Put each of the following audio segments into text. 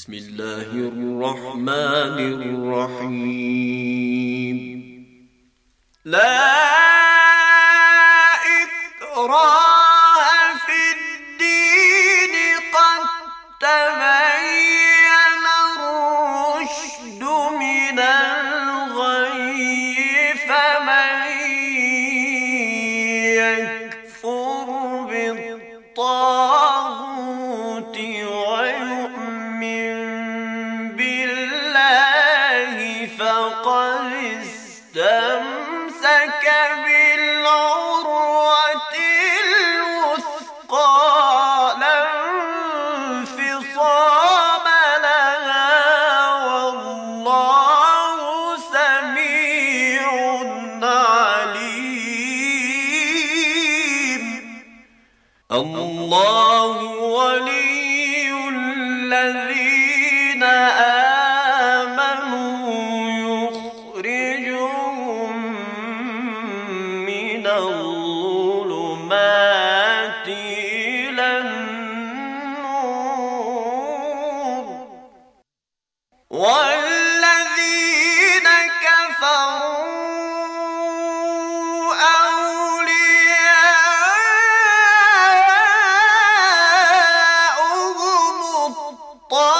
بسم الله طه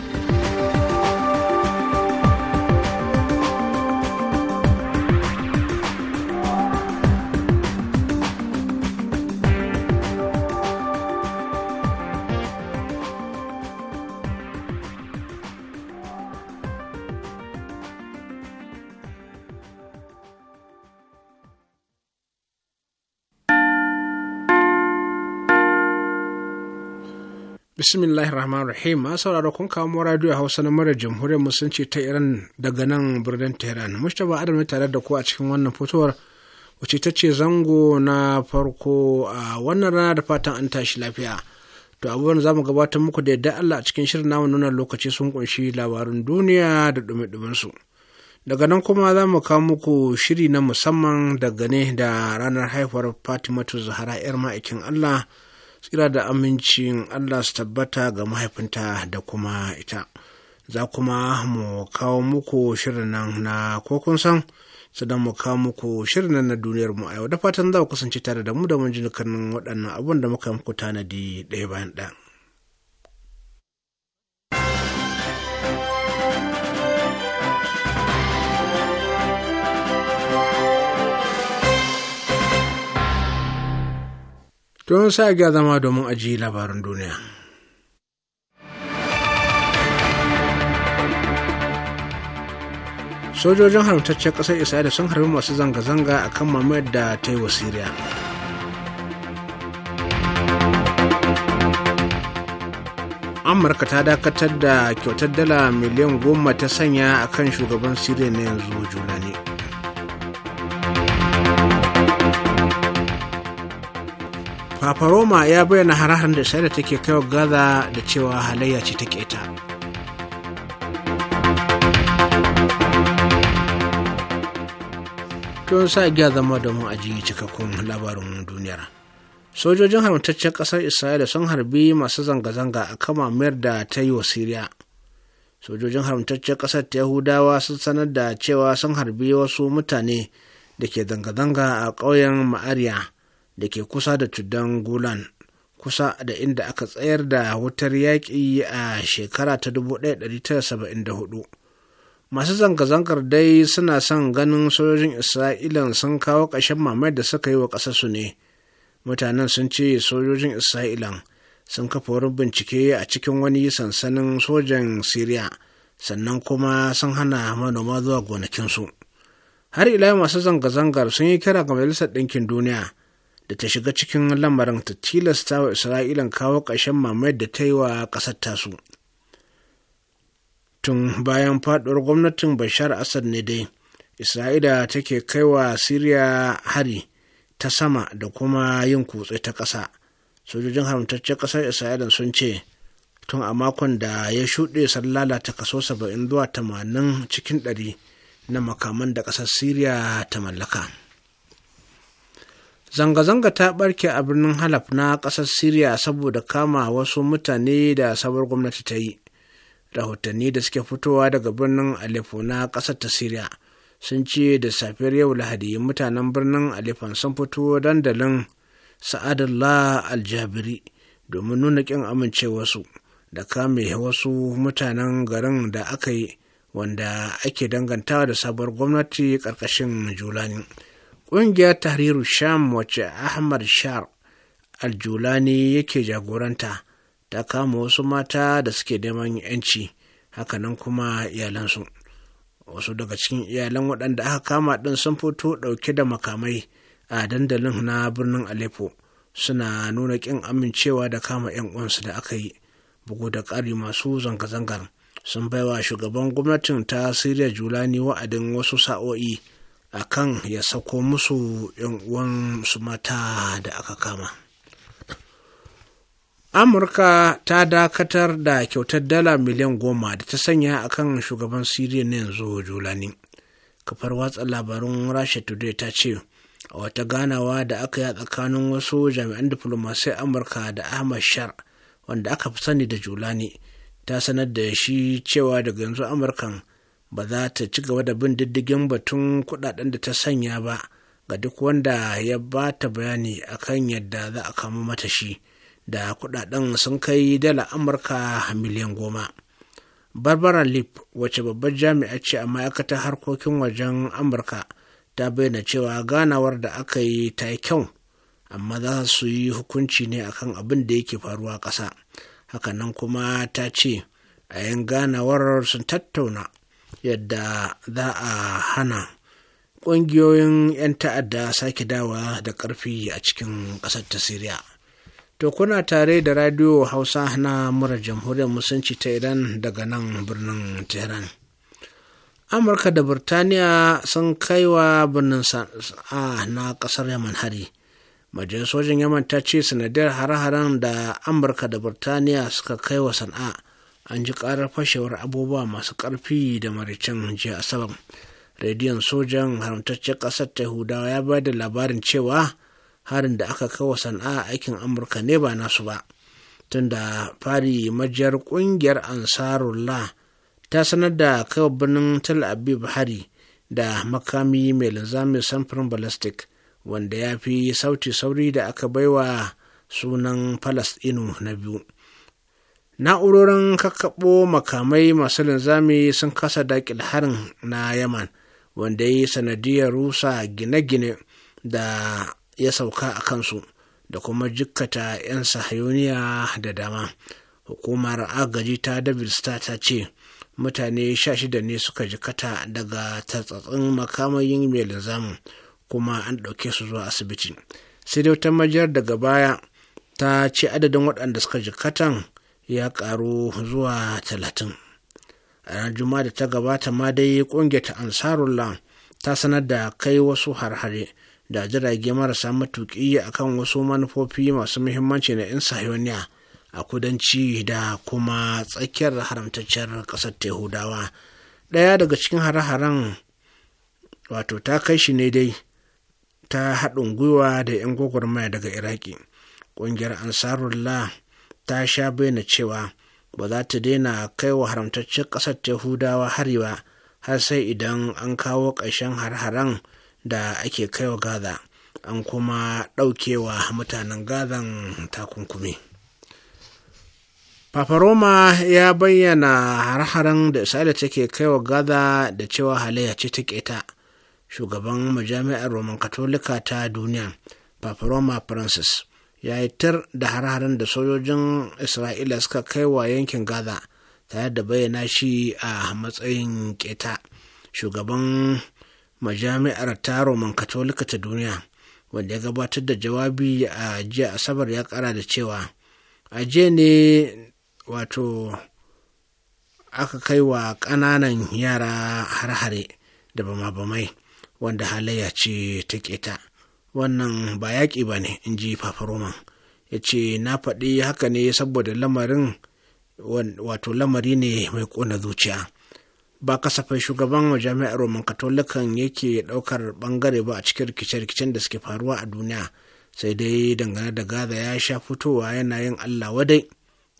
Bismillahir Rahmanir Rahim. Ma sauraro kun mu radio Hausa na mara Jamhuriyar Musulunci ta Iran daga nan birnin Tehran. Mustapha Adam ne tare da ku a cikin wannan fitowar wacce ta ce zango na farko a wannan rana da fatan an tashi lafiya. To abubuwan za mu gabatar muku da yadda Allah a cikin shirin namu nuna lokaci sun kunshi labarin duniya da dumi su. Daga nan kuma za mu kawo muku shiri na musamman daga ne da ranar haifar Fatimatu Zahra 'yar ma'aikin Allah. tsira da amincin allah su tabbata ga mahaifinta da kuma ita za kuma mu kawo muku shirin nan na kokon san sannan mu kawo muku shirin nan na duniyar mu a yau da fatan za ku kasance tare da mu da mun jinikan waɗannan abun da muka yi muku tanadi ɗaya bayan ɗaya don sa ga zama domin aji labarin duniya. Sojojin haramtaccen ƙasar Isra'ila sun harbi masu zanga-zanga a kan mamayar da ta yi wa Siriya. Amurka ta dakatar da kyautar dala miliyan goma ta sanya a kan shugaban Siriya na yanzu Julani. Papa Roma ya bayyana harahar da Isra'ila take kaiwa Gaza da cewa halayya ce ta keta. Tun sa giya zama da mu aji cikakkun labarin duniyar. Sojojin haramtaccen ƙasar Isra'ila sun harbi masu zanga-zanga a kama mayar da ta yi wa Siriya. Sojojin haramtaccen ƙasar ta Yahudawa sun sanar da cewa sun harbi wasu mutane da ke zanga-zanga a ƙauyen Ma'ariya. da ke kusa da tuddan Gulan kusa da inda aka tsayar da wutar yaƙi a shekara ta 1974 masu zanga-zangar dai suna son ganin sojojin isra'ilan sun kawo ƙashin mamayar da suka yi wa ƙasarsu ne mutanen sun ce sojojin isra'ilan sun kafa wurin bincike a cikin wani sansanin sojan Siriya, sannan kuma sun hana manoma zuwa gonakinsu har ila masu zanga-zangar sun yi kira ga majalisar ɗinkin duniya da ta shiga cikin lamarin ta tilasta wa isra'ilan kawo ƙarshen mamayar da ta yi wa ƙasar tasu tun bayan faɗuwar gwamnatin bashar asad ne dai isra'ila take kai wa siriya hari ta sama da kuma yin kutse ta ƙasa sojojin haramtaccen ƙasar isra'ila sun ce tun a makon da ya shuɗe sallala ta kaso 70 zuwa 80 cikin 100 na makaman da ƙasar siriya ta mallaka. zanga-zanga ta barke a birnin halab na ƙasar syria saboda kama wasu mutane da sabuwar gwamnati ta yi rahotanni da suke fitowa daga birnin aleppo na ƙasar ta syria sun ce da safiyar yau lahadi mutanen birnin aleppo sun fito dandalin sa'adullah aljabiri domin nuna ƙin amincewarsu da kame wasu mutanen garin da aka yi wanda ake dangantawa da sabuwar gwamnati ƙarƙashin julani. ƙungiyar tahriru sham wacce ahmad shar aljulani yake jagoranta ta kama wasu mata da suke neman yanci hakanan kuma iyalansu wasu daga cikin iyalan waɗanda aka kama ɗin sun fito ɗauke da makamai a dandalin na birnin aleppo suna nuna ƙin amincewa da kama 'yan uwansu da aka yi bugu da ƙari masu zanga-zangar sun baiwa shugaban gwamnatin ta siriya julani wa'adin wasu sa'o'i akan ya sako musu uwan su mata da aka kama amurka ta dakatar da kyautar dala miliyan goma da ta sanya akan shugaban siriya na yanzu julani kafar watsa labarun rasha today ta ce a wata ganawa da aka yi a tsakanin wasu jami'an diflomasai amurka da ahmad shar wanda aka fi sani da julani ta sanar da shi cewa daga yanzu amurkan ba za ta ci gaba da bin diddigin batun kudaden da ta sanya ba ga duk wanda ya ba ta bayani akan yadda za a kama mata shi da kudaden sun kai dala amurka miliyan goma barbara lip wace babbar jami'a ce a ma'aikatar harkokin wajen amurka ta bayyana cewa ganawar da aka yi ta yi kyau amma za su yi hukunci ne akan abin da yake faruwa ƙasa hakanan kuma ta ce a yan ganawar sun tattauna yadda za a hana ƙungiyoyin 'yan ta'adda sake dawa da ƙarfi a cikin ƙasar ta siriya to kuna tare da radio hausa na mura jamhuriyar musulunci ta iran daga nan birnin tehran amurka da burtaniya sun kai wa birnin sa'a na ƙasar yaman hari majalisar sojin yaman ta ce sanadiyar hare-haren da amurka da burtaniya suka kai wa sana'a an ji karar fashewar abubuwa masu karfi da maricin jiya asabar rediyon sojan haramtaccen ƙasar ta hudawa ya ba da labarin cewa harin da aka kawo sana'a aikin amurka ne ba nasu ba tun da fari majiyar ƙungiyar ansarullah ta sanar da kawo birnin tel aviv hari da makami mai linzamin samfurin ballistic wanda ya fi sauti sauri da aka baiwa sunan falasɗinu na biyu na'urorin kakkaɓo makamai masu linzami sun kasa daƙil harin na yaman wanda yi sanadiyar rusa gine-gine da ya sauka a kansu da kuma jikkata 'yan sahayoniya da dama hukumar agaji ta david ta ce mutane sha shida ne suka jikata daga tatsatsin makamayin mai linzamin kuma an ɗauke su zuwa asibiti sai dai wata majiyar daga baya ta ce adadin waɗanda suka jikatan ya karu zuwa talatin a ranar juma'a da ta gabata ma dai kungiyar ansarullah ta sanar da kai wasu harhare da jirage marasa matuƙi kan wasu manufofi masu muhimmanci na 'yan sahiyoniya a kudanci da kuma tsakiyar haramtacciyar ƙasar tehudawa ɗaya daga cikin hare-haren wato ta kai shi ne dai ta haɗin gwiwa da 'yan gwagwarmaya daga iraki ƙungiyar ansarullah ta sha bayyana cewa ba za ta daina kai wa haramtaccen ƙasar yahudawa hari ba har sai idan an kawo ƙarshen har-haren da ake kai wa gaza an kuma ɗaukewa mutanen gazan takunkumi Papa ya bayyana har-haren da Isra'ila take kai wa Gaza da cewa halayya ce ta keta. Shugaban majami'ar Roman Katolika ta duniya, Papa Roma Francis, ya tar da hararen da sojojin isra'ila suka kai wa yankin gaza tare da bayyana shi a matsayin keta shugaban majami'ar Taroman katolika ta duniya wanda ya gabatar da jawabi a jiya asabar ya kara da cewa a jiya ne wato aka kai wa ƙananan yara har-hare da bama-bamai wanda halayya ce ta keta wannan ba yaƙi ba ne in ji fafaroman ya ce na faɗi haka ne saboda lamarin wato lamari ne mai ƙona zuciya ba kasafai shugaban jami'ar roman katolikan yake ɗaukar ɓangare ba a cikin rikice-rikicen da suke faruwa a duniya sai dai dangane da gaza ya sha fitowa yana yin allah wadai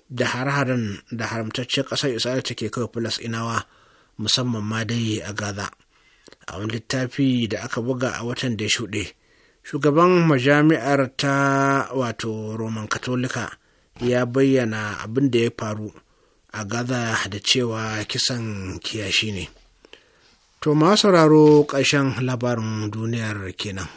da har-haren da haramtaccen ƙasar isra'ila take kai inawa musamman ma dai a gaza a wani littafi da aka buga a watan da ya shuɗe shugaban majami'ar ta wato roman katolika ya bayyana abin da ya faru a gaza da cewa kisan kiyashi ne to ma sauraro ƙarshen labarin duniyar kenan.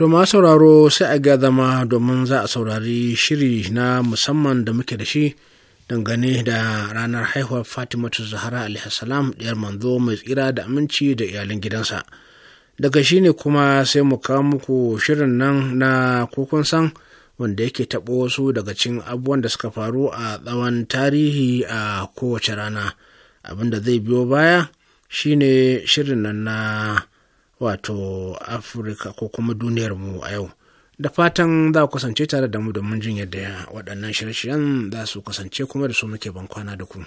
To ma sauraro sai a ga zama domin za a saurari shiri na musamman da muke da shi dangane da ranar haihuwar Fatimatu Zahara Salam ɗiyar manzo mai tsira da aminci da iyalin gidansa. Daga shi ne kuma sai mu kawo muku shirin nan na kukun san wanda yake taɓo su daga cin abubuwan da suka faru a tsawon tarihi a kowace rana. Abin da zai biyo baya shine shirin nan na wato afirka ko kuma duniyarmu a yau da fatan za ku kasance tare da mu domin jin yadda waɗannan shirye-shiryen za su kasance kuma da su muke bankwana da ku.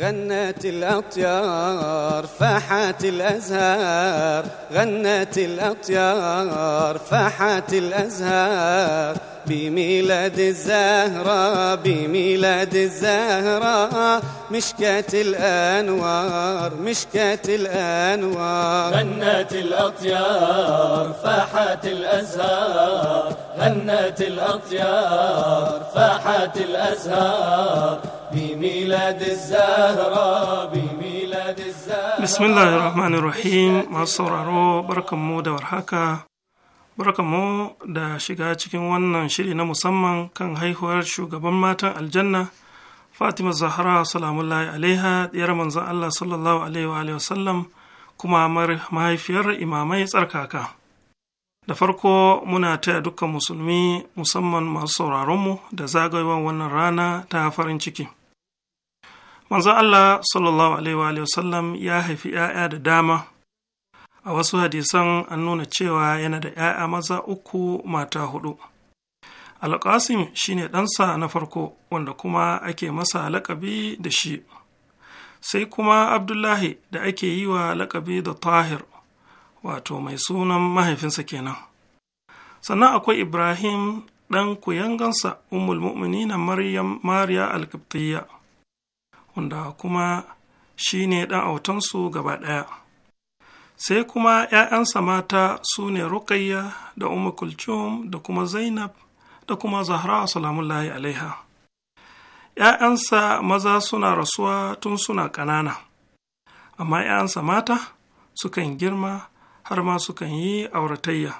غنت الأطيار فاحت الأزهار غنت الأطيار فاحت الأزهار بميلاد الزهرة بميلاد الزهرة مشكات الأنوار مشكات الأنوار غنت الأطيار فاحت الأزهار غنت الأطيار فاحت الأزهار بميلاد الزهرة بميلاد الزهرة بسم الله الرحمن الرحيم masu sauraro barkanmu da warhaka barkanmu da shiga cikin wannan shiri na musamman kan haihuwar shugaban matan aljanna fatima zahra salamullahi alaiha kuma mahaifiyar imamai tsarkaka da farko muna taya dukkan musulmi musamman masu sauraronmu da zagayowar wannan rana ta farin ciki manzo Allah sallallahu alaihi wasallam ya haifi ‘ya'ya da dama a wasu hadisan an nuna cewa yana da ‘ya'ya maza uku mata hudu alƙasim ne ɗansa na farko wanda kuma ake masa lakabi da shi sai kuma abdullahi da ake yi wa lakabi da tahir wato mai sunan mahaifinsa kenan sannan akwai ibrahim ɗan kuyangansa umul mu'minina maryam mariya alkiptiyya wanda kuma shi ne ɗan autansu gaba ɗaya sai kuma ‘ya'yansa mata su ne Rukayya da Umar Kulcum da kuma Zainab da kuma Zahra salamullahi alaiha. ‘Ya'yansa maza suna rasuwa tun suna ƙanana, amma ‘ya'yansa mata sukan girma har ma sukan yi auratayya,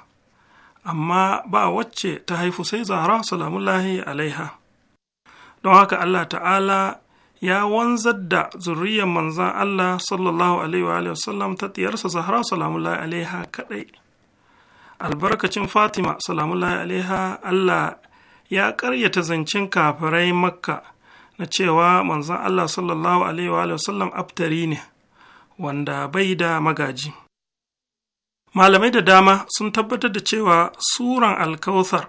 amma ba wacce ta haifu sai Zahra salamullahi alaiha. Don haka Allah ta'ala ya wanzar da zuriyar manzan Allah sallallahu alaihi wa sallam ta tiyarsa Zahra salamullahi alaiha kadai albarkacin Fatima salamullahi alaiha Allah ya karyata zancen kafirai Makka na cewa manzan Allah sallallahu alaihi wa sallam aftari ne wanda bai da magaji malamai da dama sun tabbatar da cewa suran alkauthar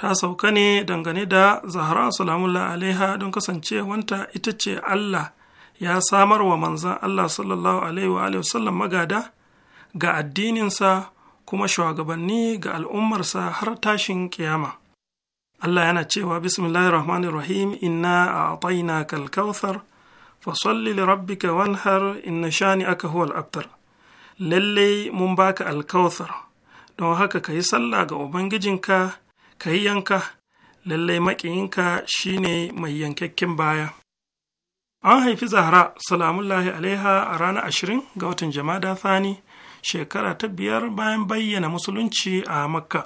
ta sauka ne dangane da zahra salamullah alaiha don kasancewanta ita ce allah ya samar wa manzan allah sallallahu alaihi wa sallam magada ga addininsa kuma shugabanni ga al'ummarsa har tashin kiyama allah yana cewa bismillahir rahmanir rahim inna a ataina kalkauthar fasalli li rabbika wanhar inna shani aka huwal abtar lallai mun baka alkauthar don haka ka yi sallah ga ubangijinka ka yi yanka lallai maƙiyinka ne mai yankakken baya an haifi zahra salamullahi alaiha a ranar ashirin ga watan jama'a thani shekara ta biyar bayan bayyana musulunci a makka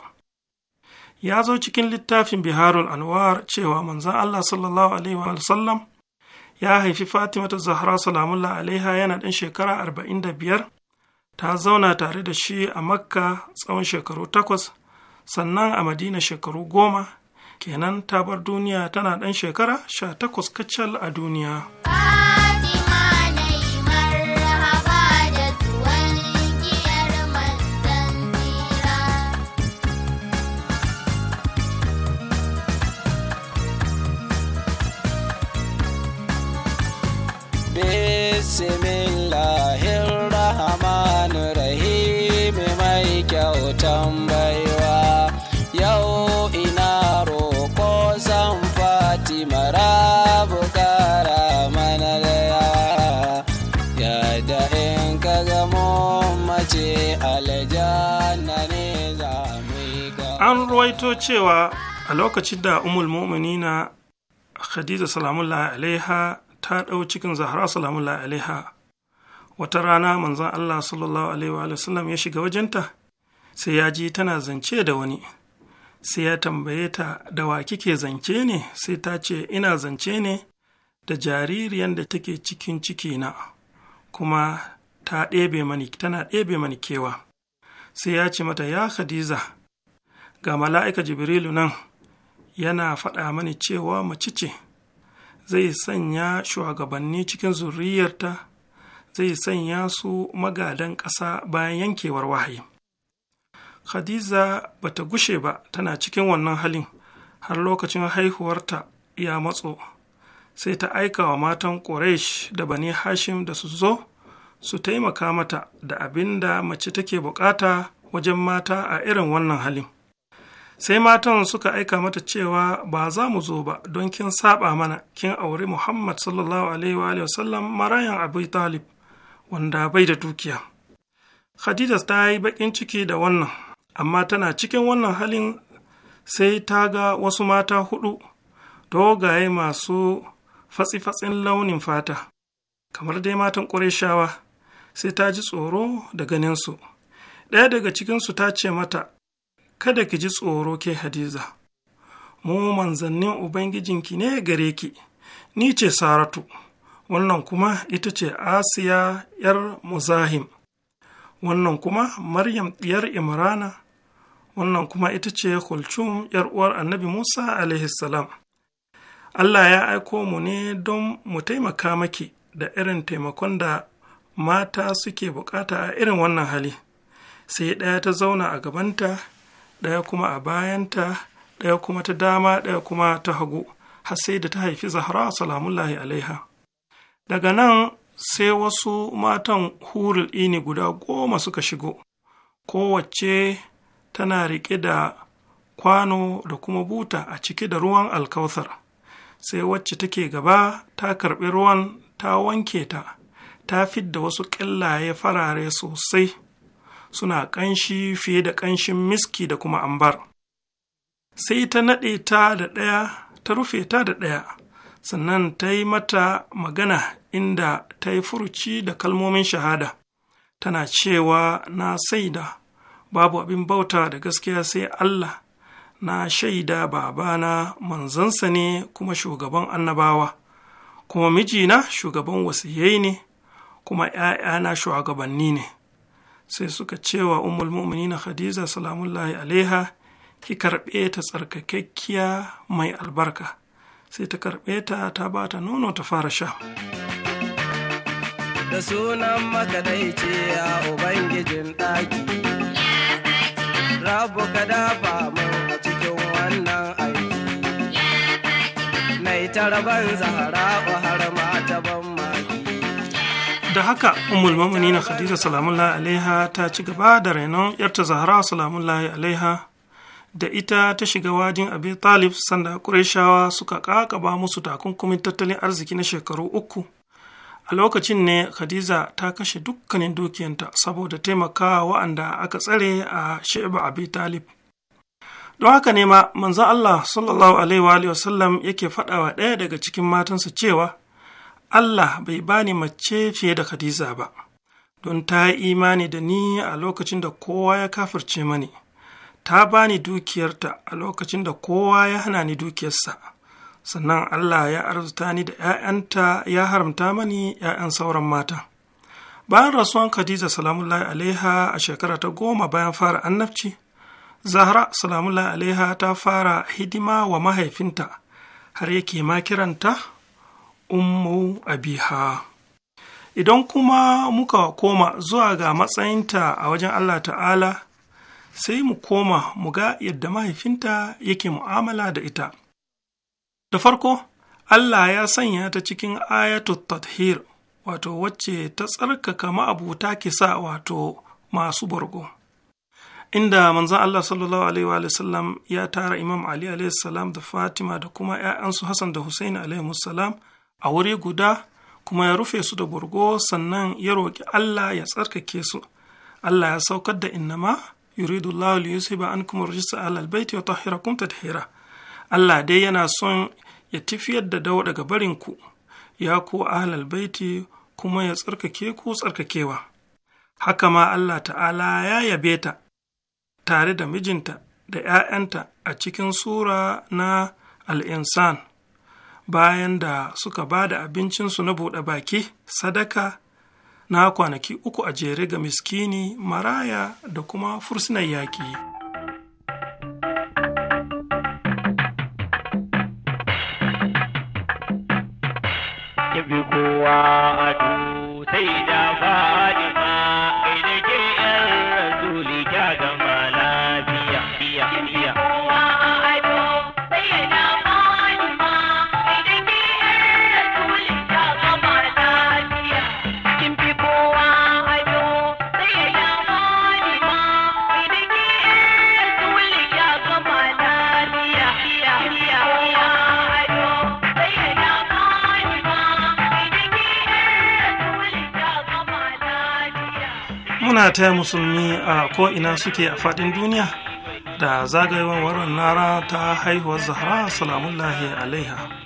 ya zo cikin littafin biharul anwar cewa manzan allah sallallahu alaihi wa sallam ya haifi fatima ta zahra salamullah alaiha yana ɗan shekara arba'in da biyar ta zauna tare da shi a makka tsawon shekaru takwas sannan a madina shekaru goma kenan ta bar duniya tana ɗan shekara sha takwas kacal a duniya. ruwaito cewa a lokacin da umul mu'minina khadija salamullahi alaiha ta ɗau cikin zahra salamullahi alaiha wata rana manzon allah sallallahu alaihi wa sallam ya shiga wajenta sai ya ji tana zance da wani sai ya tambaye ta da wa kike zance ne sai ta ce ina zance ne da jaririyan da take cikin cikina kuma ta ɗebe mani tana ɗebe mani kewa sai ya ce mata ya hadiza ga mala'ika jibrilu nan yana faɗa mani cewa mace ce zai sanya shugabanni cikin zuriyarta zai sanya su magadan ƙasa bayan yankewar wahayi khadiza bata gushe ba tana cikin wannan halin har lokacin haihuwarta ya matso sai ta aika wa matan Quraysh da bani Hashim da su zo su taimaka mata da abin da mace take bukata wajen mata a irin wannan halin. sai matan suka aika mata cewa ba za mu zo ba don kin saba mana kin auri muhammad sallallahu alaihi wa sallam marayan abu talib wanda bai da dukiya khadija ta yi bakin ciki da wannan amma tana cikin wannan halin sai ta ga wasu mata hudu dogaye masu fatsi-fatsin launin fata kamar dai matan ƙur'ashawa sai ta ji tsoro da ganinsu ɗaya daga cikinsu ta ce mata kada ki ji tsoro ke hadiza mu manzannin ubangijinki ne gare ki ni ce saratu wannan kuma ita ce asiya yar muzahim wannan kuma maryam diyar imrana wannan kuma ita ce kulcum yar uwar annabi musa alaihi salam allah ya aiko mu ne don mu taimaka maki da irin taimakon da mata suke bukata a irin wannan hali sai ɗaya ta zauna a gabanta ɗaya kuma a bayanta ɗaya kuma ta dama ɗaya kuma ta hagu har sai da ta haifi zahra salamullahi alaiha daga nan sai wasu matan hurul ini guda goma suka shigo kowace tana riƙe da kwano da kuma buta a ciki da ruwan alkauthar sai wacce take gaba ta karɓi ruwan ta wanke ta ta fidda wasu ƙillaye farare sosai suna ƙanshi fiye da ƙanshin miski da kuma ambar sai ta naɗe ta da ɗaya ta rufe ta da ɗaya sannan ta yi mata magana inda ta yi furuci da kalmomin shahada tana cewa na saida babu abin bauta da gaskiya sai Allah na shaida babana manzansa ne kuma shugaban annabawa kuma mijina shugaban wasu ne kuma ‘ya'yana shugabanni ne sai suka cewa umul mu'minina khadija salamullahi alaiha ki karɓe ta tsarkakakkiya mai albarka sai ta karɓe ta ta ba ta nono ta fara sha da sunan makadaici a ubangijin ɗaki rabu ka dafa mun a cikin wannan aiki mai taraban zahara da haka umul na khadija salamullahi alaiha ta ci gaba da rainon yarta zahra salamullahi alaiha da ita ta shiga wajin abi talib sanda ƙureshawa suka ƙaƙaba musu takunkumin tattalin arziki na shekaru uku a lokacin ne khadija ta kashe dukkanin dukiyanta saboda taimaka wa'anda aka tsare a sheba abi talib don haka ne ma manzo allah sallallahu alaihi wa sallam yake faɗawa ɗaya daga cikin matansa cewa Allah bai bani mace fiye da Khadija ba, don ta yi imani da ni a lokacin da kowa ya kafirce mani, ta bani dukiyarta a lokacin da kowa ya hana ni dukiyarsa, sannan Allah ya arzuta ni da ‘ya'yanta ya haramta mani ‘ya'yan sauran mata. Bayan rasuwan Khadija salamullahi alaiha a shekara ta goma bayan fara annabci, Zahra salamullahi alaiha ta fara hidima wa mahaifinta har yake ma kiranta ummu abiha idan kuma muka koma zuwa ga matsayinta a wajen allah ta'ala sai mu koma mu ga yadda mahaifinta yake mu'amala da ita da farko allah ya sanya ta cikin ayatul tathir wato wacce ta tsarkaka ke sa wato masu borgo inda manzan Allah sallallahu alaihi wa sallam ya tara Imam Ali alaihi salam da Fatima da kuma ‘ya'yansu Hassan da Hussein alaihi salam a wuri guda kuma ya rufe su da burgo sannan ya roƙi Allah ya tsarkake su Allah ya saukar da innama yuridu Allah li yusiba ankum rijsa ala albayti wa tahhirakum hira, Allah dai yana son ya tafiyar da dawo daga barin ku ya ku ahlal baiti kuma ya tsarkake ku tsarkakewa haka ma Allah ta'ala ya yabe ta tare da mijinta da ‘ya'yanta a cikin sura na al'insan bayan da suka ba da abincinsu na buɗe baki sadaka na kwanaki uku a jere ga miskini maraya da kuma fursunan yaƙi. Ibi kowa a sai da muna taya musulmi a ko'ina suke a faɗin duniya da zagayewar waran nara ta haihuwar zahra salamullahi alaiha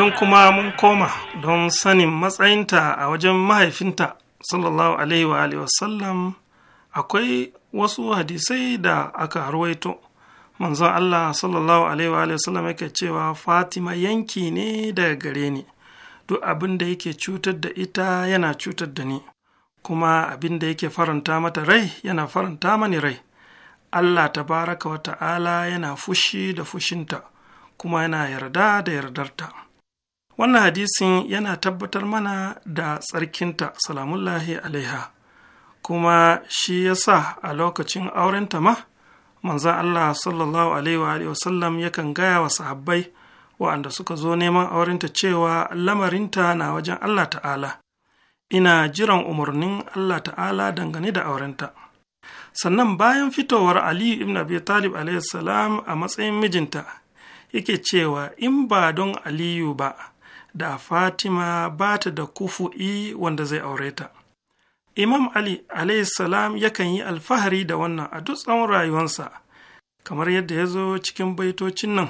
idan kuma mun koma don sanin matsayinta a wajen mahaifinta sallallahu alaihi wa alihi wasallam akwai wasu hadisai da aka harwaito manzon Allah sallallahu alaihi wa alihi wasallam yake cewa Fatima yanki ne daga gare ni duk abin da yake cutar da ita yana cutar da ni kuma abin da yake faranta mata rai yana faranta mani rai Allah tabaraka wa ta'ala yana fushi da fushinta kuma yana yarda da yardarta wannan hadisin yana tabbatar mana da tsarkinta salamullahi alaiha kuma shi ya sa a lokacin aurenta ma manzan Allah sallallahu alaihi wa sallam, yakan gaya wa sahabbai wa'anda suka zo neman aurenta cewa lamarinta na wajen Allah ta'ala ina jiran umarnin Allah ta'ala dangane da aurenta sannan bayan fitowar aliyu ibn abi talib a matsayin mijinta yake cewa in ba don aliyu ba da fatima ba ta da kufu'i wanda zai aure ta imam ali salam yakan yi alfahari da wannan a duk tsawon rayuwarsa kamar yadda ya zo cikin baitocin nan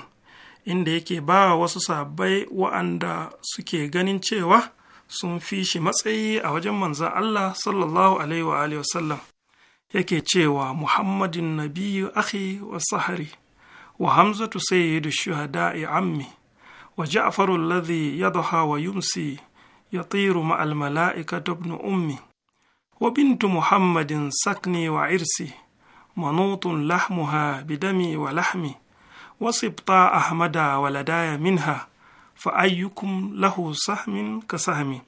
inda yake ba wasu sabai wa'anda suke ganin cewa sun fi shi matsayi a wajen manzan Allah sallallahu alaihi wa alihi wasallam yake cewa Muhammadin nabiyyu akhi wa sahari wa hamzatu sayyidu shuhada'i ammi wa ja'faru alladhi yadha wa yumsi ya ma al mala'ikati ibn ummi wa bintu muhammadin sakni wa irsi منوط لحمها بدمي ولحمي وسبطا أحمد a منها فأيكم له سهم كسهمي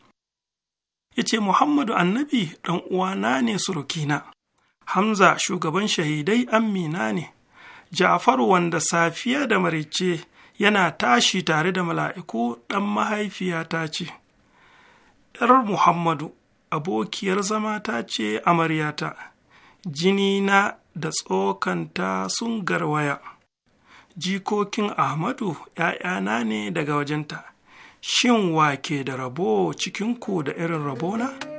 yace Muhammadu annabi ɗan uwana ne surukina, Hamza shugaban shahidai Amina ne, Ja'far wanda safiya da marice yana tashi tare da mala'iku ɗan mahaifiyata ce, ‘yar Muhammadu, abokiyar zama ta ce amaryata, jini na da tsokanta sun garwaya, jikokin Ahmadu ‘ya'yana ne daga wajenta, shin wa ke da rabo cikinku da irin rabona?’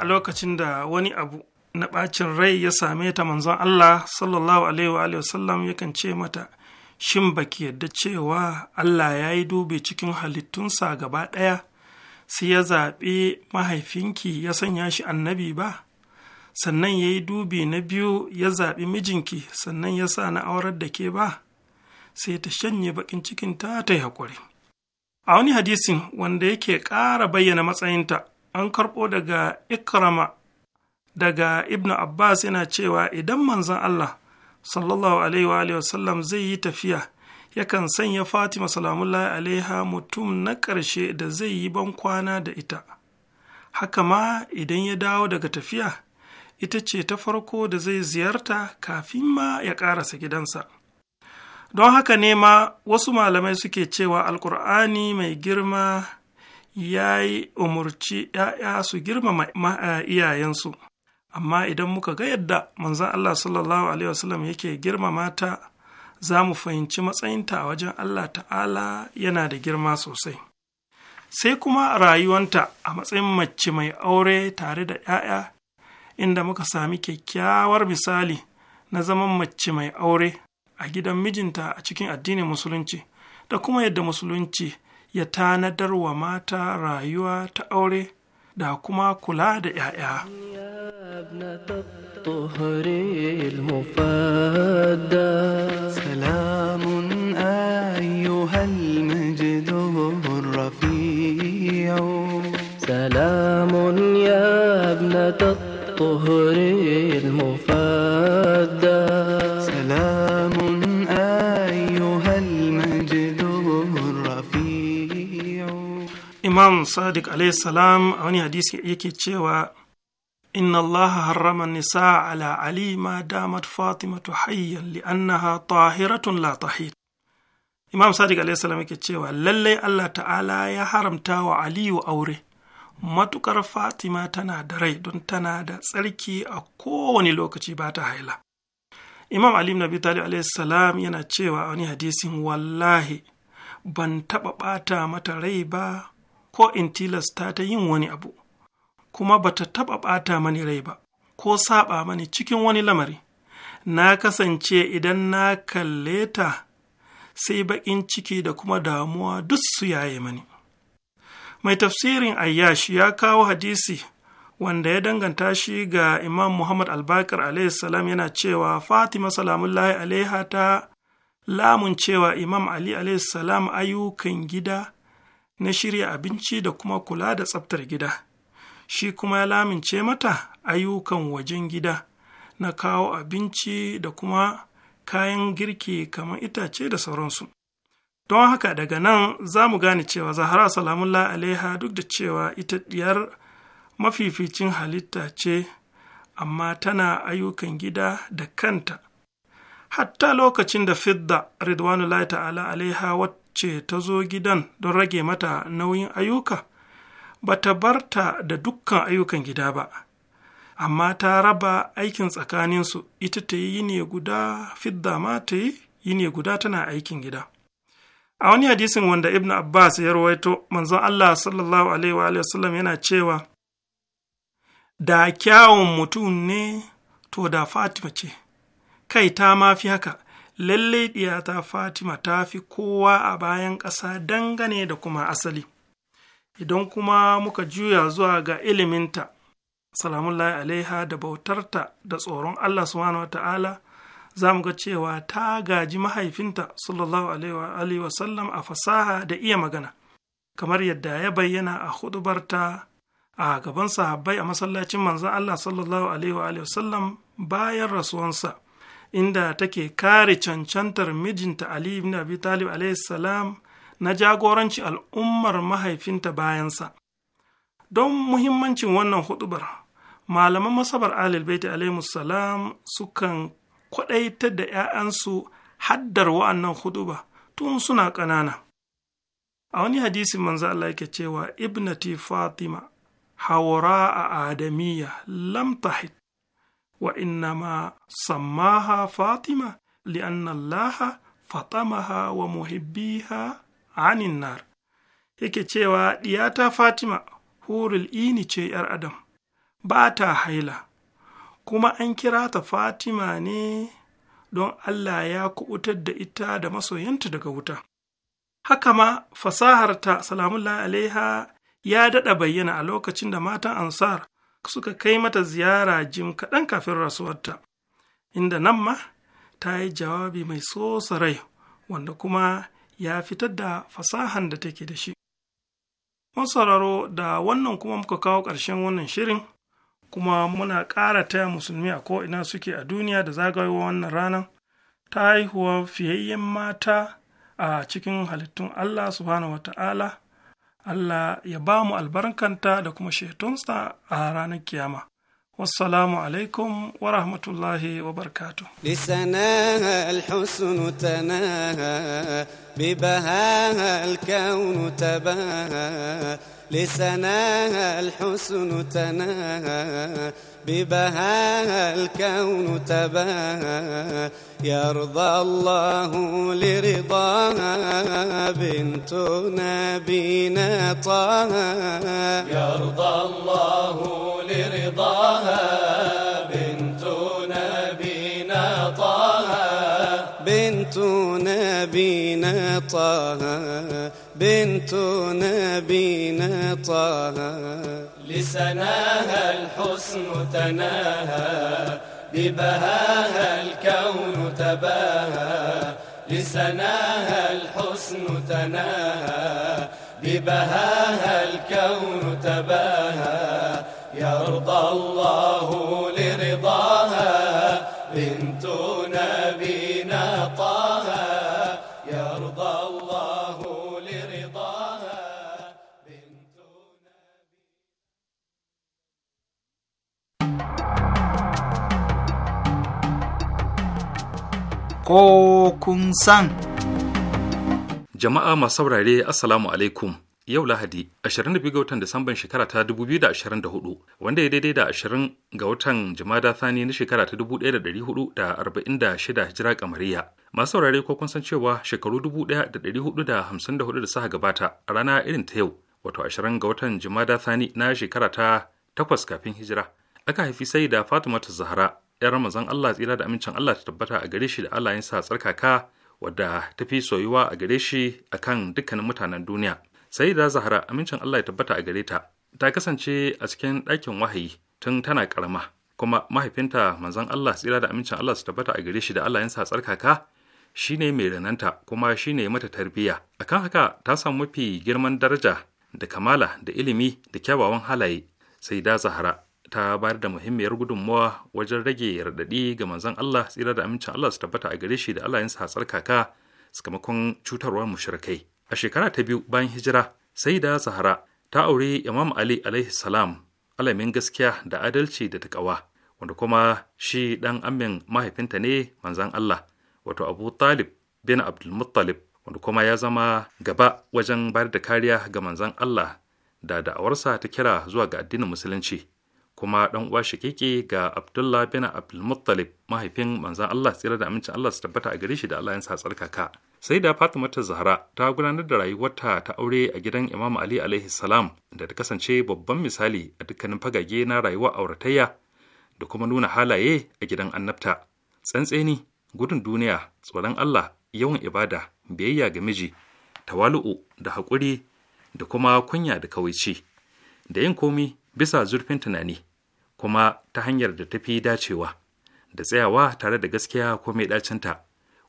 a lokacin da wani abu na ɓacin rai ya same ta manzon Allah sallallahu alaihi wa sallam yakan ce mata shin baki yadda cewa Allah ya yi dubi cikin halittunsa gaba ɗaya sai ya zaɓi mahaifinki ya sanya shi annabi ba sannan ya yi dubi na biyu ya zaɓi mijinki sannan ya sa na aurar da ke ba sai ta shanye baƙin cikinta ta yi haƙuri a wani hadisin wanda yake ƙara bayyana matsayinta an karɓo daga ikrama daga ibn abbas yana cewa idan manzon allah sallallahu alaihi wa wasallam zai yi tafiya yakan sanya fatima salamullahi alaiha mutum na ƙarshe da zai yi ban kwana da ita haka ma idan ya dawo daga tafiya ita ce ta farko da zai ziyarta kafin ma ya ƙarasa gidansa don haka ne ma wasu malamai suke cewa alkur'ani mai girma ya yi umarci ‘ya'ya su girmama eh, iyayensu, amma idan muka ga yadda manzan Allah sallallahu Alaihi wasallam yake girmama ta, za mu fahimci matsayinta a wajen Allah ta'ala yana da girma sosai. Sai kuma rayuwanta a matsayin mace mai aure tare da ‘ya'ya, inda muka sami kyakkyawar misali na zaman mace mai aure a gidan mijinta a cikin addinin Musulunci, da kuma yadda Musulunci ya tanadar wa mata rayuwa ta aure da kuma kula da 'ya'ya. الطهر المفادى سلام أيها المجد الرفيع سلام يا ابنة الطهر المفادى imam sadiq alayhi salam a wani hadisi yake cewa inna Allah harrama nisa ala ali ma damat tu hayyan li'annaha tahiratun la tahir imam sadiq alayhi salam yake cewa lallai allah ta'ala ya haramta wa aliyu aure matukar fatima tana da rai don tana da tsarki a kowane lokaci ba ta haila imam ali ibn talib salam yana cewa a wani hadisin wallahi ban taɓa ɓata mata rai ba ko in tilasta ta yin wani abu kuma ba ta taɓa ɓata mani rai ba ko saɓa mani cikin wani lamari na kasance idan na kalle ta sai baƙin ciki da kuma damuwa duk su yaye mani mai tafsirin ayyash ya kawo hadisi wanda ya danganta shi ga imam muhammad albakar salam yana cewa fatima salamullahi alaiha ta lamun cewa imam ali salam ayyukan gida na shirya abinci da kuma kula da tsaftar gida shi kuma ya lamince mata ayyukan wajen gida na kawo abinci da kuma kayan girki kamar itace da sauransu don haka daga nan za mu gane cewa zahara salamullah alaiha duk da cewa ita ɗiyar mafificin halitta ce amma tana ayyukan gida da kanta hatta lokacin da fidda ridwanullahi ta'ala alaiha ce ta zo gidan don rage mata nauyin ayyuka ba ta barta da dukkan ayyukan gida ba amma ta raba aikin tsakaninsu ita ta yi ne guda fidda ma ta yi ne guda tana aikin gida a wani hadisin wanda ibn abbas ya rawaito manzon allah sallallahu alaihi wa yana cewa da kyawun mutum ne to da fatima ce kai ta ma fi haka Lallai ɗiyata fatima ta fi kowa a bayan ƙasa dangane da kuma asali idan kuma muka juya zuwa ga iliminta salamullahi alaiha da bautarta da tsoron allah subhanahu wa ta'ala za mu ga cewa ta gaji mahaifinta sallallahu alaihi wasallam a fasaha da iya magana kamar yadda ya bayyana a hudubarta a gaban sahabbai a masallacin manzan Allah sallallahu alaihi wasallam bayan rasuwansa inda take kare cancantar mijinta ali ibn abi talib salam na jagoranci al'ummar mahaifinta bayansa don muhimmancin wannan hudubar malaman masabar alilbaiti salam sukan kwadaitar da 'ya'yansu haddar wa'annan huduba tun suna ƙanana a wani hadisi manza Allah yake cewa ibnati fatima hawara a adamiya lam tahid wa innama sammaha fatima li'anna allaha fatamaha wa muhibbiha anin nar yake cewa ɗiyata fatima hurul ini ce yar adam ba ta haila kuma an kira ta fatima ne don allah ya kubutar da ita da masoyanta daga wuta haka ma fasaharta salamullahi alaiha ya daɗa bayyana a lokacin da matan ansar suka kai mata ziyara jim kaɗan kafin rasuwarta inda nan ma ta yi jawabi mai sosa rai wanda kuma ya fitar da fasahan da take da shi sauraro da wannan kuma muka kawo ƙarshen wannan shirin kuma muna ƙara taya musulmi a ko'ina suke a duniya da zagayowa wannan ranar ta haihuwa fiyayyen mata a cikin halittun allah subhanahu ta'ala. Allah ya ba mu albarkanta da kuma shetunsa a ranar kiyama. والسلام عليكم ورحمة الله وبركاته لسناها الحسن تناها ببهاها الكون تباها لسناها الحسن تناها ببهاء الكون تباها يرضى الله لرضاها بنت نبينا طه يرضى الله لرضاها بنت نبينا طه بنت نبينا طه بنت نبينا طه لسناها الحسن تناها ببهاها الكون تباها لسناها الحسن تناها ببهاها الكون تباها يرضى الله لرضاها ko kun san. Jama'a masu saurare Assalamu alaikum. Yau Lahadi, 22 ga watan Disamban shekara ta 2024, wanda ya daidai da 20 ga watan Jumada Thani na shekara ta 1446 Hijira kamariya. Masu saurare ko kun san cewa shekaru 1454 da suka gabata a rana irin ta yau, wato 20 ga watan Jumada Thani na shekara ta 8 kafin Hijira. Aka haifi sai da Fatima Zahra 'yar mazan Allah tsira da amincin Allah ta tabbata a gare shi da Allah yin sa tsarkaka wadda ta fi soyuwa a gare shi akan dukkanin mutanen duniya sai da zahara amincin Allah ya tabbata a gare ta ta kasance a cikin ɗakin wahayi tun tana ƙarama, kuma mahaifinta manzon Allah tsira da amincin Allah su tabbata a gare shi da Allah yin sa tsarkaka shine mai rananta kuma shine mata tarbiyya akan haka ta samu mafi girman daraja da kamala da ilimi da kyawawan halaye sai da zahara ta bayar da muhimmiyar gudunmawa wajen rage raɗaɗi ga manzon Allah tsira da amincin Allah su tabbata a gare shi da Allah yansa hatsar kaka sakamakon cutarwar mushrikai a shekara ta biyu bayan hijira sai da Sahara ta aure Imam Ali alaihi salam alamin gaskiya da adalci da takawa wanda kuma shi dan amin mahaifinta ne manzon Allah wato Abu Talib bin Abdul Muttalib wanda kuma ya zama gaba wajen bayar da kariya ga manzon Allah da da'awarsa ta kira zuwa ga addinin musulunci kuma dan uwa shikiki ga Abdullah bin Abdulmuttalib mahaifin manzan Allah tsira da amincin Allah su tabbata a gare shi da Allah sa tsarkaka sai da Fatima ta Zahra ta gudanar da rayuwarta ta aure a gidan Imam Ali alaihi salam da ta kasance babban misali a dukkanin fagage na rayuwar auratayya da kuma nuna halaye a gidan annabta tsantseni gudun duniya tsoron Allah yawan ibada biyayya ga miji tawalu'u da haƙuri da kuma kunya da kawaici da yin komi bisa zurfin tunani kuma ta hanyar da ta fi dacewa da tsayawa tare da gaskiya ko mai ɗacinta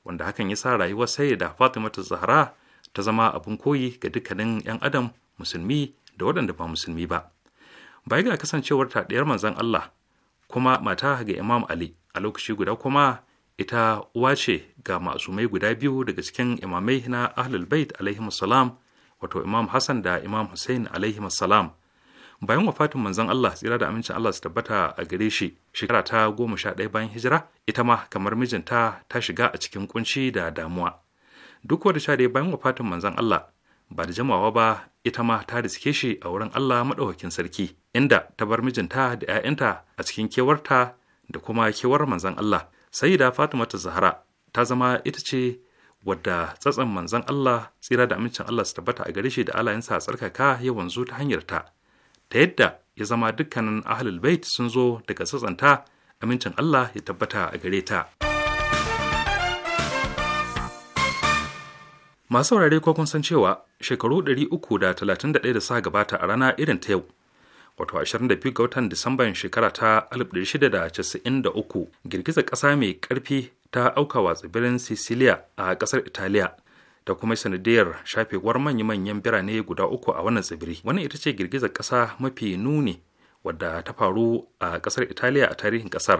wanda hakan ya sa rayuwa sai da fatimatu zahra ta zama abin koyi ga dukkanin 'yan adam musulmi da waɗanda ba musulmi ba Ba ga kasancewar ta ɗayar manzon allah kuma mata ga imam ali a lokaci guda kuma ita uwa ce ga masumai guda biyu daga cikin imamai na ahlul bait alaihi salam wato imam hassan da imam hussein alaihi salam bayan wafatin manzon Allah tsira da amincin Allah su tabbata a gare shi shekara ta goma sha ɗaya bayan hijira ita ma kamar mijinta ta shiga a cikin kunci da damuwa duk wanda sha ɗaya bayan wafatin manzon Allah ba da jamawa ba ita ma ta riske shi a wurin Allah maɗaukakin sarki inda ta bar mijinta da 'ya'yanta a cikin kewarta da kuma kewar manzon Allah sai da Fatima ta Zahra ta zama ita ce wadda tsatsan manzon Allah tsira da amincin Allah su tabbata a gare shi da alayensa a tsarkaka ya wanzu ta hanyar ta ta yadda ya zama dukkanin ahlul bait sun zo daga sassanta amincin Allah ya tabbata a gare ta. Masu saurare ko kun san cewa shekaru 331 da sa gabata a rana irin ta yau, wato 22 ga watan Disamban shekara ta 1693 girgizar ƙasa mai ƙarfi ta auka wa tsibirin Sicilia a ƙasar Italiya. da kuma sanadiyar shafewar manya-manyan birane guda uku a wannan tsibiri wannan ita ce girgizar ƙasa mafi nuni wadda ta faru a ƙasar italiya a tarihin ƙasar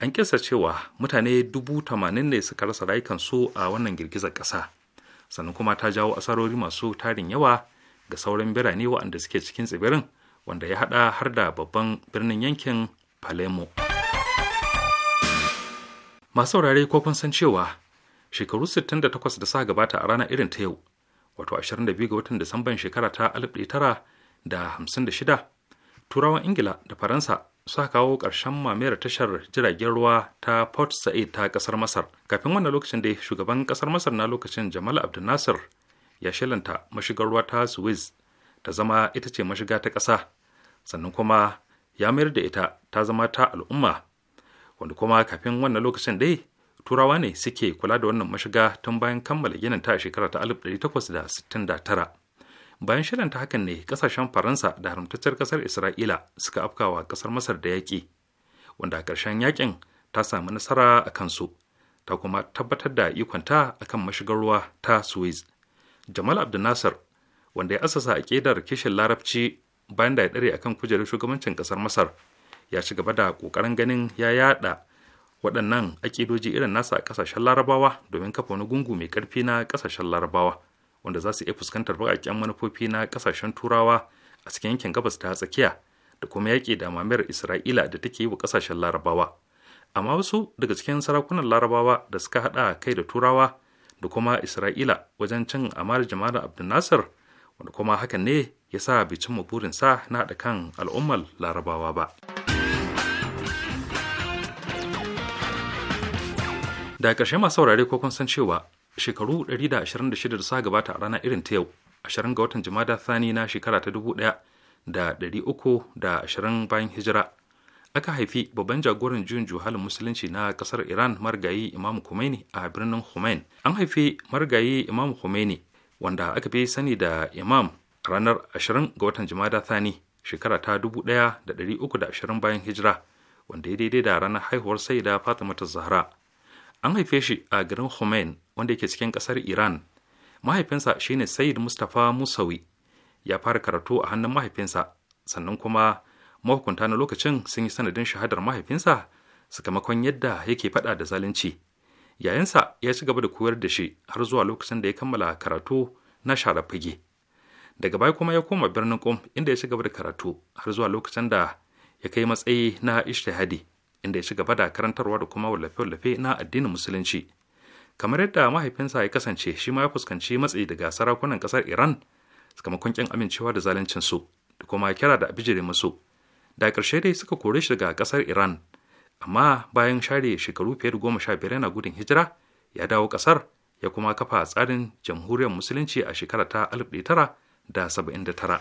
an kisa cewa mutane dubu tamanin ne suka rasa rayukansu a wannan girgizar ƙasa sannan kuma ta jawo asarori masu tarin yawa ga sauran birane waɗanda suke cikin tsibirin wanda ya haɗa har da babban birnin yankin palermo masu saurare ko kun san cewa shekaru 68 da suka gabata a ranar irin ta yau wato 22 ga watan disamban shekara ta 1956 turawan ingila da faransa suka kawo ƙarshen mamayar tashar jiragen ruwa ta port said ta ƙasar masar kafin wannan lokacin dai shugaban ƙasar masar na lokacin jamal abdul nasir ya shilanta mashigar ruwa ta suez ta zama ita ce mashiga ta ƙasa sannan kuma ya mayar da ita ta zama ta al'umma wanda kuma kafin wannan lokacin dai turawa ne suke kula da wannan mashiga tun bayan kammala ginin ta a shekara ta 1869 bayan shirin ta hakan ne kasashen faransa da haramtaccen kasar isra'ila suka afkawa kasar masar da yaƙi wanda a ƙarshen yaƙin ta sami nasara a kansu ta kuma tabbatar da ikonta a kan mashigar ruwa ta suez jamal nasir wanda ya asasa a ƙedar kishin larabci bayan da ya ɗare kan kujerar shugabancin ƙasar masar ya ci gaba da ƙoƙarin ganin ya yaɗa waɗannan aƙidoji irin nasa a ƙasashen larabawa domin kafa wani gungu mai ƙarfi na ƙasashen larabawa wanda za su iya fuskantar baƙaƙen manufofi na ƙasashen turawa a cikin yankin gabas ta tsakiya da kuma yaƙi da mamayar isra'ila da take yi wa ƙasashen larabawa amma wasu daga cikin sarakunan larabawa da suka haɗa kai da turawa da kuma isra'ila wajen cin amar jama'a abdul nasir wanda kuma hakan ne ya sa bai cimma burinsa na haɗa kan al'ummar larabawa ba. da ƙarshe masu saurare ko kun san cewa shekaru 126 da sa gabata a rana irin ta yau 20 ga watan jumada thani na shekara ta ashirin bayan hijira aka haifi babban jagoran juyin juhalin musulunci na ƙasar iran margayi imam khomeini a birnin khomein an haifi margayi imam khomeini wanda aka fi sani da imam ranar 20 ga watan da thani shekara ta ashirin bayan hijira wanda ya daidai da ranar haihuwar sai da fatima ta zahra an haife shi a garin Khomein wanda yake cikin kasar Iran. Mahaifinsa shine Said Mustapha Musawi ya fara karatu a hannun mahaifinsa sannan kuma mahukunta na lokacin sun yi sanadin shahadar mahaifinsa sakamakon yadda yake faɗa da zalunci. Yayansa ya ci gaba da koyar da shi har zuwa lokacin da ya kammala karatu na share fage. Daga baya kuma ya koma birnin Qom inda ya ci gaba da karatu har zuwa lokacin da ya kai matsayi na ishtihadi. inda ya ci gaba da karantarwa da kuma wallafe-wallafe na addinin musulunci kamar yadda mahaifinsa ya kasance shi ma ya fuskanci matsi daga sarakunan kasar iran sakamakon kin amincewa da zaluncin su da kuma kira da abijire musu da ƙarshe dai suka kore shi daga kasar iran amma bayan share shekaru fiye da goma sha biyar yana gudun hijira ya dawo kasar ya kuma kafa tsarin jamhuriyar musulunci a shekara ta 1979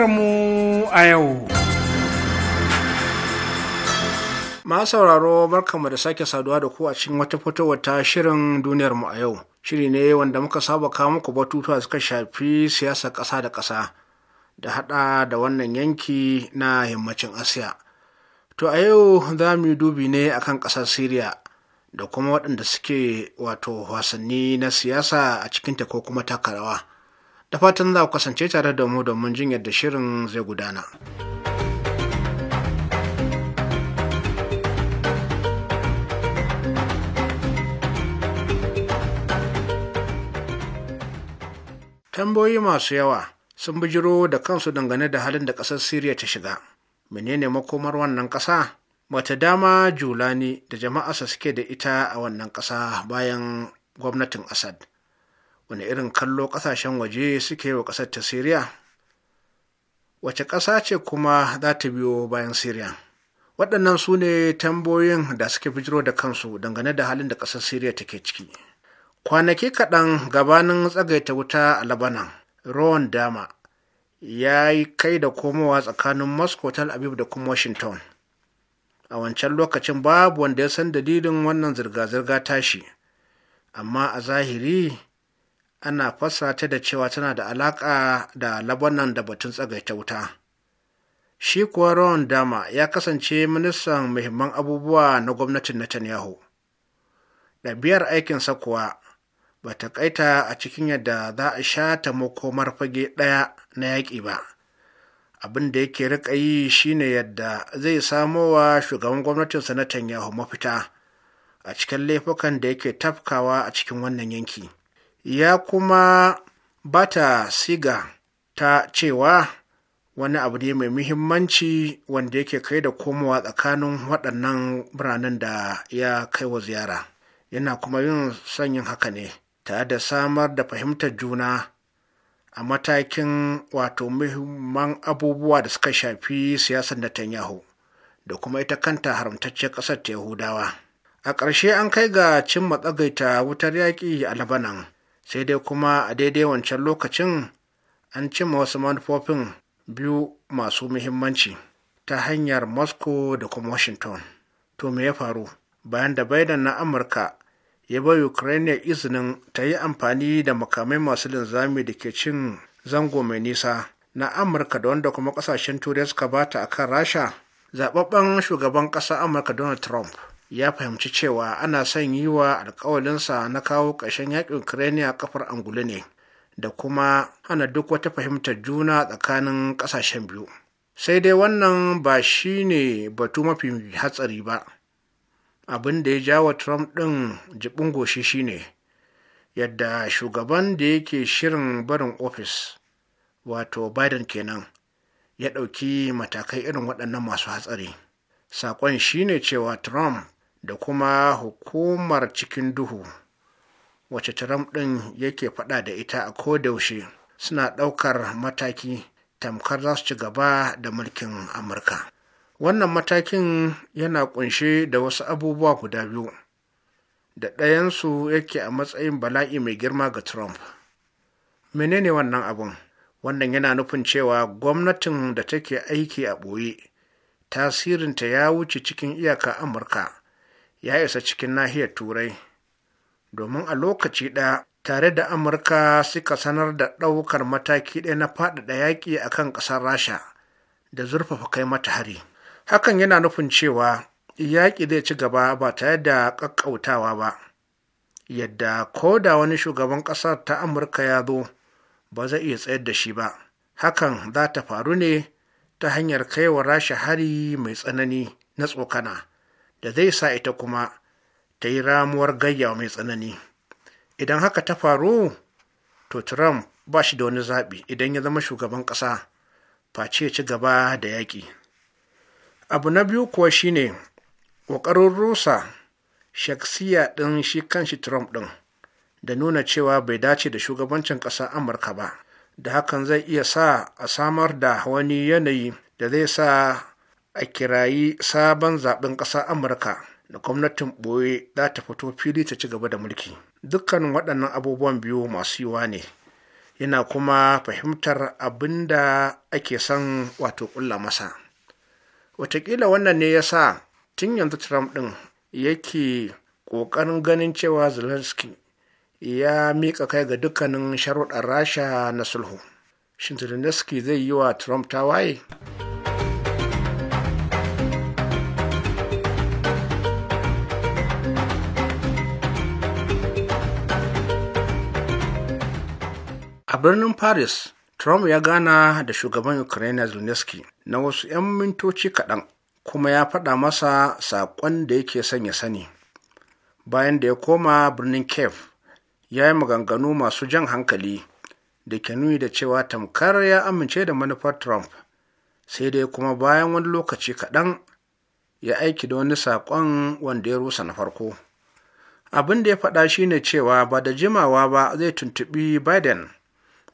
shirinmu a yau. Ma sauraro barkanmu da sake saduwa da ku a cikin wata fitowar ta shirin duniyarmu a yau. Shiri ne wanda muka saba kawo muku batutuwa suka shafi siyasar ƙasa da ƙasa da haɗa da wannan yanki na yammacin Asiya. To a yau za mu yi dubi ne akan ƙasar Siriya da kuma waɗanda suke wato wasanni na siyasa a cikinta ko kuma takarawa. da fatan za ku kasance tare da mu domin jin yadda shirin zai gudana. Tamboyi masu yawa sun bijiro da kansu dangane da halin da ƙasar Siriya ta shiga. Menene makomar wannan ƙasa? Wata dama Julani da jama'a suke da ita a wannan ƙasa bayan gwamnatin Asad. wani irin kallo ƙasashen waje suke yi wa ƙasar ta siriya wace ƙasa ce kuma za ta biyo bayan siriya waɗannan su ne tambayoyin da suke bijiro da kansu dangane da halin da ƙasar siriya take ciki kwanaki kaɗan gabanin tsagaita wuta a labanan rowan dama ya yi kai da komowa tsakanin moscow tel aviv da kuma washington a wancan lokacin babu wanda ya san dalilin wannan zirga-zirga tashi amma a zahiri ana fasa ta da cewa tana da alaƙa da labanan da batun tsagaita wuta shi kuwa rowan dama ya kasance ministan muhimman abubuwa na gwamnatin netanyahu ɗabiyar aikinsa kuwa ba ta kaita a cikin yadda za a sha ta makomar fage ɗaya na yaƙi ba abin da yake riƙa yi shine yadda zai samo wa shugaban gwamnatinsa na tanyahu mafita a cikin laifukan da yake tafkawa a cikin wannan yanki ya kuma bata siga ta cewa wani abu ne mai muhimmanci wanda yake kai da komowa tsakanin waɗannan biranen da ya kai wa ziyara yana kuma yin sanyin haka ne tare da samar da fahimtar juna a matakin wato muhimman abubuwa da suka shafi siyasar Netanyahu da kuma ita kanta haramtacciyar ƙasar ta Yahudawa. A ƙarshe an kai ga cin matsagaita wutar yaƙi a Labanan sai dai kuma a daidai wancan lokacin an cimma wasu manufofin biyu masu muhimmanci ta hanyar moscow da kuma washington to me ya faru bayan da biden na amurka ya bai ukraine izinin ta yi amfani da makamai masu linzami da ke cin zango mai nisa na amurka da wanda kuma kasashen turai suka bata akan rasha zababben shugaban ƙasa amurka donald trump ya fahimci cewa ana son yi wa alkawalinsa na kawo ƙarshen yakin ukraine kafar angulu ne da kuma hana duk wata fahimtar juna tsakanin ƙasashen biyu sai dai wannan ba shi ne batu mafi hatsari ba abin da ya wa trump ɗin jibin goshi shine yadda shugaban da yake shirin barin ofis wato biden kenan ya ɗauki matakai irin waɗannan masu hatsari saƙon shine cewa trump da kuma hukumar cikin duhu wacce Trump ɗin yake faɗa da ita a kodaushe suna ɗaukar mataki tamkar za su ci gaba da mulkin Amurka. Wannan matakin yana ƙunshe da wasu abubuwa guda biyu, da ɗayansu yake a matsayin bala'i mai girma ga Trump. Menene wannan abun? Wannan yana nufin cewa gwamnatin da take aiki a ɓoye, tasirinta ya wuce cikin iyaka Amurka. ya isa cikin nahiyar turai domin a lokaci ɗaya tare da amurka suka sanar da ɗaukar mataki ɗaya na faɗaɗa yaƙi a kan ƙasar rasha da zurfafa kai mata hari hakan yana nufin cewa yaƙi zai ci gaba ba tare da ƙaƙƙautawa ba yadda ko da wani shugaban ƙasar ta amurka ya zo ba zai iya tsayar da shi ba hakan za ta faru ne ta hanyar kaiwa rasha hari mai tsanani na tsokana da zai sa ita kuma ta yi ramuwar gayya mai tsanani idan haka ta faru to trump ba shi da wani zaɓi idan ya zama shugaban ƙasa face ci gaba da yaƙi abu na biyu kuwa shine ƙoƙarin rusa shaksiya ɗin shi kanshi trump ɗin da nuna cewa bai dace da shugabancin ƙasa amurka ba da hakan zai iya sa a samar da wani yanayi da zai sa a kirayi sabon zaben ƙasa amurka da gwamnatin ɓoye za ta fito fili ta ci gaba da mulki dukkan waɗannan abubuwan biyu masu yiwa ne yana kuma fahimtar abin da ake son wato ƙulla masa wataƙila wannan ne ya sa tun yanzu trump ɗin yake ƙoƙarin ganin cewa zelensky ya miƙa kai ga dukkanin sharuɗar rasha na sulhu shin zelensky zai yi wa trump ta waye a birnin paris trump ya gana da shugaban ukraine zelensky na wasu 'yan mintoci kaɗan kuma ya faɗa masa saƙon da yake son ya sani bayan da ya koma birnin kiev ya yi maganganu masu jan hankali da ke nuni da cewa tamkar ya amince da manufar trump sai dai kuma bayan wani lokaci kaɗan ya aiki da wani saƙon wanda ya rusa na farko abin da ya faɗa shine cewa ba da jimawa ba zai tuntuɓi biden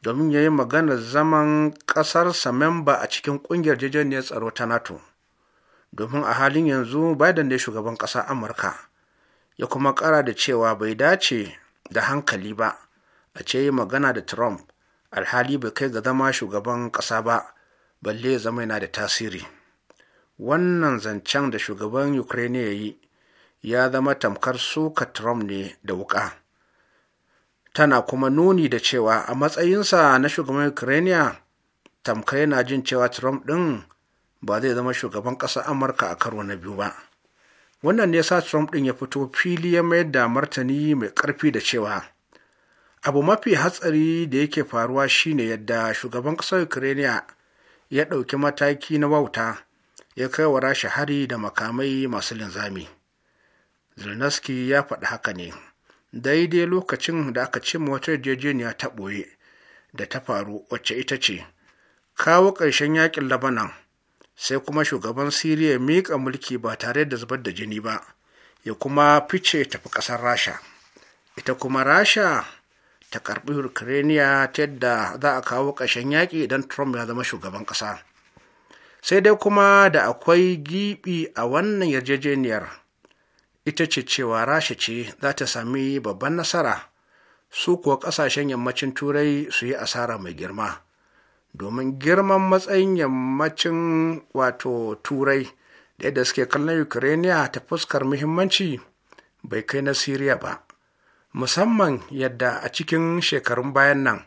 domin ya yi magana zaman ƙasarsa memba a cikin ƙungiyar jejeniyar tsaro ta nato domin a halin yanzu biden ne shugaban ƙasa amurka ya kuma ƙara da cewa bai dace da hankali ba a ce yi magana da trump alhali bai kai ga zama shugaban ƙasa ba balle ya zama yana da tasiri wannan zancen da shugaban ukraine ya yi ya zama tamkar suka trump ne da wuƙa tana kuma nuni da cewa a matsayinsa na shugaban ukraine tamkar yana jin cewa trump ɗin ba zai zama shugaban ƙasar amurka a karo na biyu ba wannan ne sa trump ɗin ya fito fili ya mayar da martani mai ƙarfi da cewa abu mafi hatsari da yake faruwa shine yadda shugaban ƙasar ukraine ya ɗauki mataki na wauta ya kai wa rasha hari da makamai masu linzami zelensky ya faɗi haka ne daidai lokacin da aka ce wata yarjejeniya ta ɓoye da ta faru wacce ita ce kawo ƙarshen yakin labanan sai kuma shugaban siriya miƙa mulki ba tare da zubar da jini ba ya kuma fice tafi ƙasar rasha ita kuma rasha ta karɓi ukrainiya ta yadda za a kawo ƙarshen yaƙi idan trump ya zama shugaban ƙasa sai dai kuma da akwai giɓi a wannan yarjejeniyar ita ce cewa rasha ce za ta sami babban nasara su kuwa ƙasashen yammacin turai su yi asara mai girma domin girman matsayin yammacin wato turai da yadda suke kallon ukraine ta fuskar muhimmanci bai kai na syria ba musamman yadda a cikin shekarun bayan nan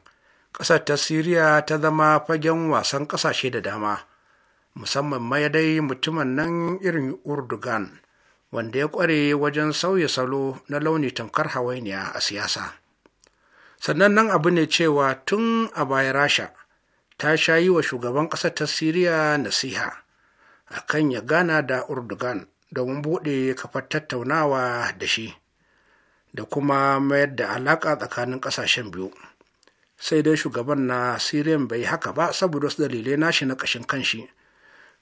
ƙasar ta syria ta zama fagen wasan ƙasashe da dama musamman ma dai mutumin nan irin urdugan wanda ya kware wajen sauya salo na launi tamkar hawainiya a siyasa sannan nan abu ne cewa tun a baya rasha ta sha yi wa shugaban ƙasar ta siriya nasiha a kan ya gana da urdugan domin buɗe kafar tattaunawa da shi da kuma mayar da alaƙa tsakanin ƙasashen biyu sai dai shugaban na siriyan bai haka ba saboda wasu dalilai nashi na ƙashin kanshi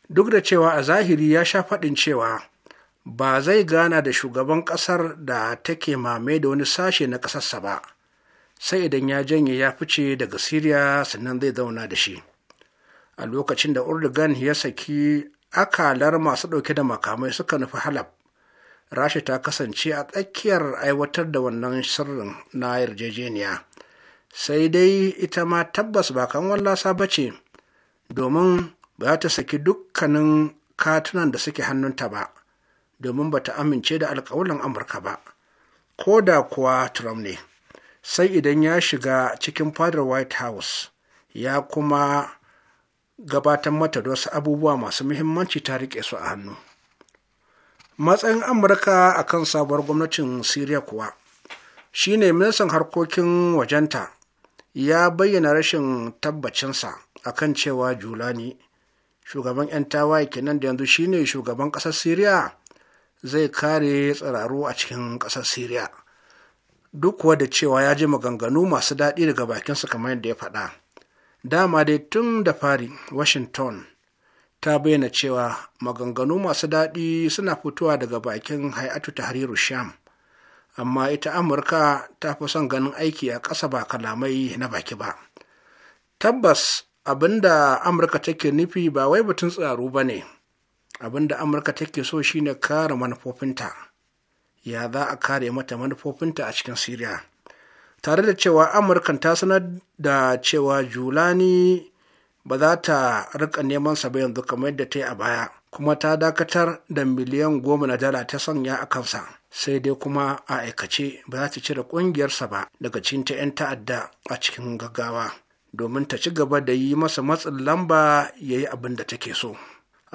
duk da cewa a zahiri ya sha faɗin cewa ba zai gana da shugaban ƙasar da take mame da wani sashe na ƙasarsa ba sai idan ya janye ya fice daga siriya sannan zai zauna da shi a lokacin da urdugan ya saki akalar masu ɗauke da makamai suka nufi halab rasha ta kasance a tsakiyar aiwatar da wannan sirrin na yarjejeniya sai dai ita ma tabbas ba kan wallasa ba ce domin ba ta saki dukkanin katunan da suke hannunta ba domin ba ta amince da alkawalin amurka ba ko da kuwa trump ne sai idan ya shiga cikin fadar white house ya kuma gabatar mata da wasu abubuwa masu muhimmanci ta rike su a hannu matsayin amurka a kan sabuwar gwamnatin syria kuwa shine ministan harkokin wajenta ya bayyana rashin tabbacinsa a kan cewa julani shugaban 'yan tawaye kenan da yanzu shine shugaban ƙasar syria zai kare tsiraru a cikin ƙasar syria duk kuwa cewa ya ji maganganu masu daɗi daga bakinsa kamar yadda ya faɗa dama dai tun da fari washington ta bayyana cewa maganganu masu daɗi suna fitowa daga bakin hayatu tahariru sham amma ita amurka ta fi son ganin aiki a ƙasa ba kalamai na baki ba tabbas abinda amurka take nufi ba wai batun tsaro ba ne abin da amurka take so shine kare manufofinta ya za a kare mata manufofinta a cikin Siriya? tare da cewa amurkan ta sanar da cewa julani ba za ta rika neman sa ba yanzu kamar yadda ta yi a baya kuma ta dakatar da miliyan goma na dala ta sanya a kansa sai dai kuma a aikace ba za ta cire kungiyarsa ba daga cikin ta 'yan ta'adda a cikin gaggawa domin ta ci gaba da yi masa matsin lamba ya yi abin da take so.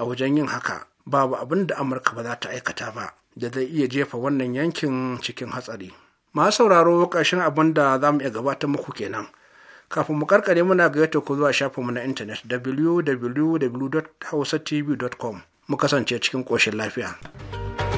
a wajen yin haka babu abin da amurka ba za ta aikata ba da zai iya jefa wannan yankin cikin hatsari Ma sauraro ƙarshen abin da za mu iya gabatar muku kenan kafin mu karkare muna gayyata ku zuwa shafinmu na intanet www.hausatv.com mu kasance cikin ƙoshin lafiya.